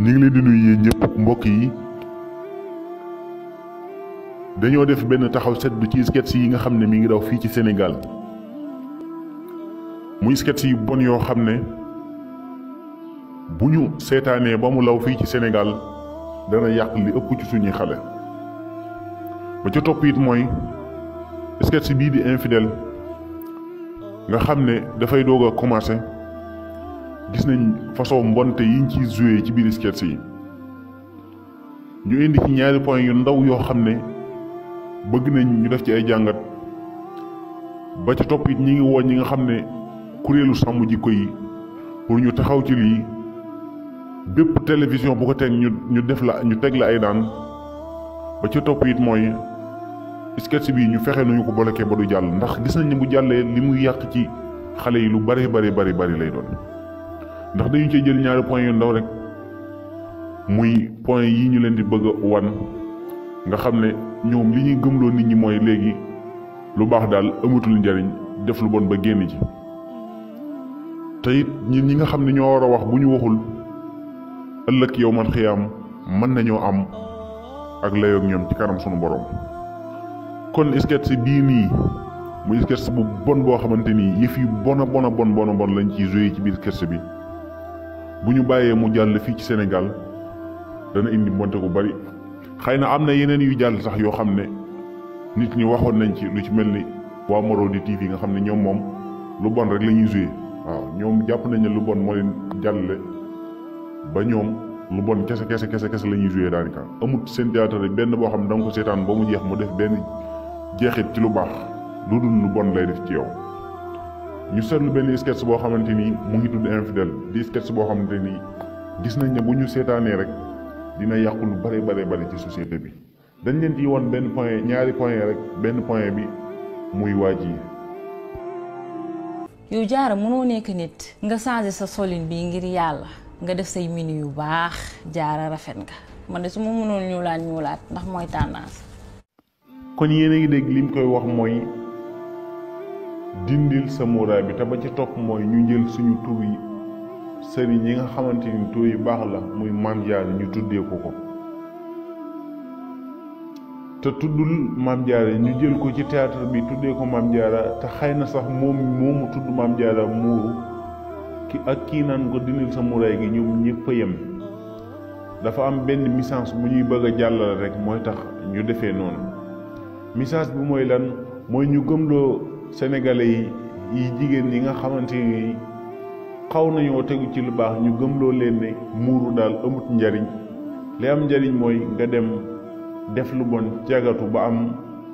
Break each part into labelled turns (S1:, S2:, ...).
S1: ñu ngi leen di nuyu yéen ñëpp mbokk yi dañoo def benn taxaw seetlu ci sketch yi nga xam ne mi ngi daw fii ci senegal muy sketch yu bon yoo xam ne bu ñu seetaanee ba mu law fii ci senegal dana yàq li ëpp ci suñuy xale ba ca topp it mooy sketch bii di infidèle nga xam ne dafay doog a commencé. gis nañ façon mbonte yiñ ci joué ci biir sketch yi ñu indi ci ñaari point yu ndaw yoo xam ne bëgg nañ ñu def ci ay jàngat ba ci topp it ñu ngi woon ñi nga xam ne kuréelu sàmm jikko yi pour ñu taxaw ci lii bépp télévision bu ko teg ñu ñu def la ñu teg la ay daan ba ci topp it mooy sketch bii ñu fexe nuñu ko bloqué ba du jàll ndax gis nañ ne bu jàllee li mu yàq ci xale yi lu bari bari bari bari lay doon ndax dañu cee jël ñaari point yu ndaw rek muy point yi ñu leen di bëgg wan nga xam ne ñoom li ñuy gëmloo nit ñi mooy léegi lu baax daal amatul njariñ def lu bon ba génn ci te it ñun ñi nga xam ne ñoo war a wax bu ñu waxul ëllëg yow man xiyaam mën nañoo am ak layoog ñoom ci kanam sunu borom kon sketch bii nii muy sketch bu bon boo xamante ni yëf yu bon a bon a bon bon bon lañ ci joué ci biir sketch bi. bu ñu bàyyee mu jàll fii ci senegal dana indi mbonte gu bari xëy na am na yeneen yu jàll sax yoo xam ne nit ñi waxoon nañ ci lu ci mel ni waa Marodi TV nga xam ne ñoom moom lu bon rek la ñuy joué waaw ñoom jàpp nañ ne lu bon moo leen jàlle ba ñoom lu bon kese kese kese kese la ñuy joué daanaka amut seen théâtre benn boo xam ne danga ko seetaan ba mu jeex mu def benn jeexit ci lu baax lu dul lu bon lay def ci yow. ñu seetlu benn sketch boo xamante ni mu ngi tudd infidèle di sketch boo xamante ni gis nañ ne bu ñu seetaanee rek dina yàqu lu bare bare bare ci société bi dañ leen ci woon benn point ñaari point rek benn point bi muy waaj yi yow jaara mënoo nekk nit nga changé sa solin bi ngir yàlla nga def say mini yu baax jaara rafet nga man de su ma mënoon ñuulaat ñuulaat ndax mooy tendance kon yéen a ngi dégg lim koy wax mooy dindil sa muuraay bi te ba ci topp mooy ñu jël suñu tur yi sëriñ yi nga xamante ni tur yu baax la muy maam jaare ñu tuddee ko te tuddul maam jaare ñu jël ko ci théâtre bi tuddee ko maam jaara te xëy na sax moom moomu tudd maam jaara muuru ki ak kii naan ko dindil sa muuraay gi ñoom ñëpp a yem dafa am benn message mu ñuy bëgg a jàllale rek mooy tax ñu defee noonu message bi mooy lan mooy ñu gëmloo sénégalais yi jigéen ñi nga xamante ni xaw nañoo tegu ci lu baax ñu gëmloo leen ne muuru daal amut njariñ li am njariñ mooy nga dem def lu bon jagatu ba am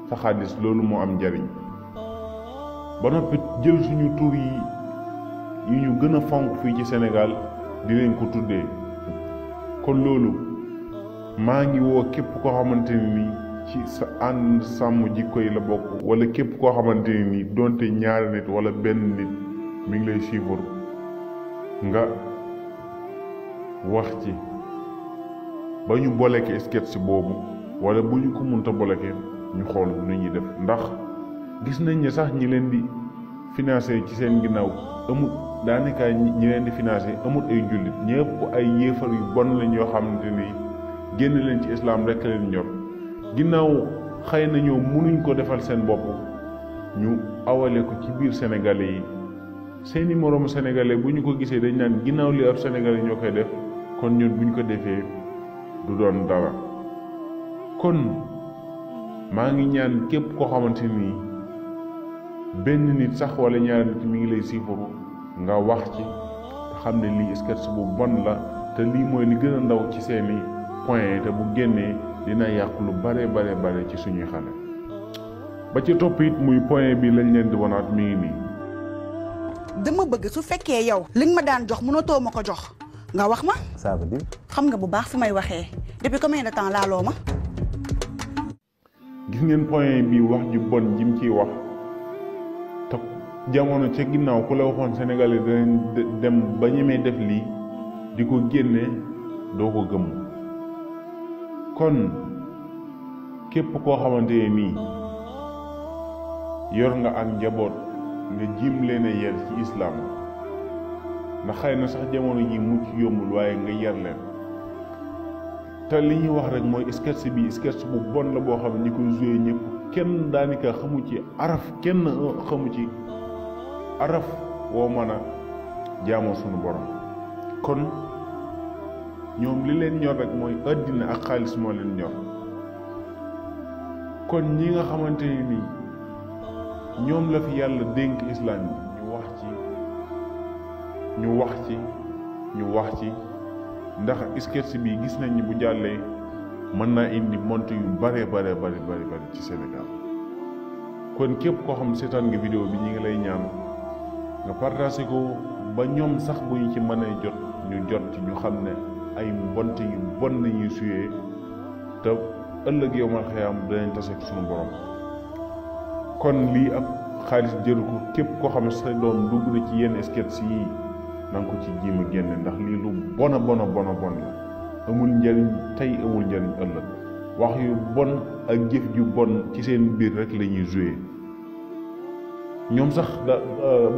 S1: sa xaalis loolu moo am njariñ ba noppit jël suñu tur yi yu ñu gën a fonk fii ci senegal di leen ko tuddee kon loolu maa ngi woo képp koo xamante ci sa ànd sàmm jikko yi la bokk wala képp koo xamante ne ni donte ñaari nit wala benn nit mi ngi lay suivre nga wax ci ba ñu boleke sketch boobu wala bu ñu ko mënta boleke ñu xool nu ñuy def ndax gis nañ ñi sax ñi leen di financé ci seen ginnaaw amut daanaka ñi leen di financé amut ay jullit ñëpp ay yéefar yu bon lañ yoo xamante ni génn leen ci islam rek leen ñor. ginnaaw xëy na ñoom ko defal seen bopp ñu awale ko ci biir sénégalais yi seeni moroomu sénégalais bu ñu ko gisee dañ naan ginnaaw li ab sénégalais ñoo koy def kon ñun bu ñu ko defee du doon dara kon maa ngi ñaan képp koo xamante nii benn nit sax wala ñaari nit mi ngi lay siifuru nga wax ci xam ne lii sketch bu bon la te lii mooy li gën a ndaw ci seeni point te bu génnee dina yàq lu bare bare bare ci suñuy xale ba ci topp it muy point bii lañ leen di wanaat mi ngi nii. dama bëgg su fekkee yow. liñ ma daan jox mënatoo ma ko jox nga wax ma. ça xam nga bu baax fu may waxee depuis combien de temps ma. gis ngeen point bi wax ju bon jim ciy wax te jamono ca ginnaaw ku la waxoon sénégalais danañ dem ba ñemee def lii di ko génne doo ko gëm. kon képp koo xamantee nii yor nga ak njaboot nga jiim leen a yar ci islaam ndax xëy na sax jamono ji mucc yombul waaye nga yar leen te li ñuy wax rek mooy sketch bi sketch bu bon la boo xam ne ñi koy joué ñëpp kenn daanaka xamu ci araf kenn euh, xamu ci araf woo mën a jaamoo sunu borom kon ñoom li leen ñor rek mooy àddina ak xaalis moo leen ñor kon ñi nga xamante ni nii ñoom la fi yàlla dénk islam bi ñu wax ci ñu wax ci ñu wax ci ndax sketch bi gis nañ ni bu jàllee mën naa indi mont yu bare bare bari bari ci Sénégal kon képp koo xam seetaan nga vidéo bi ñu ngi lay ñaan nga partagé ko ba ñoom sax bu ñu ci mën mënee jot ñu jot ci ñu xam ne ay mbonte yu bon nañuy suyee te ëllëg yow ma xëyaam danañ tase ak borom kon lii ak xaalis jëru ko képp koo xam ne sa doom dugg na ci yenn sketch yii na nga ci jiima génne ndax lii lu bona bona bona bon la amul njariñ tey amul njariñ ëllëg wax yu bon ak jëf ju bon ci seen biir rek lañuy ñuy ñoom sax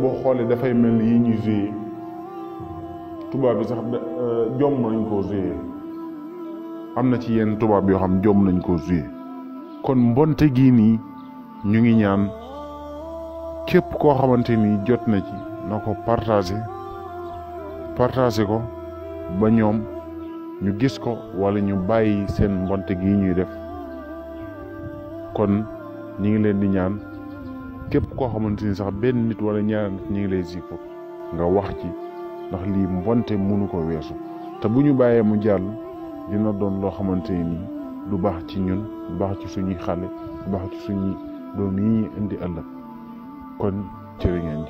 S1: boo xoolee dafay mel ni yi ñuy joué tubaab yi sax euh, jomm nañ koo joué am na ci yenn tubaab yoo xam jomm nañ koo joué kon mbonte gii nii ñu ngi ñaan képp koo xamante ni jot na ci na ko partagé partagé ko ba ñoom ñu gis ko walla ñu bàyyi seen mbonte gii ñuy def kon ñi ngi leen di ñaan képp koo xamante ni sax benn nit wala ñaar nit ñi ngi lay si ko nga wax ci ndax lii mbonte mënu ko weesu te bu ñu bàyyee mu jàll dina doon loo xamante ni du baax ci ñun du baax ci suñuy xale du baax ci suñuy doom yi ñuy indi ëllëg kon jërë ngeen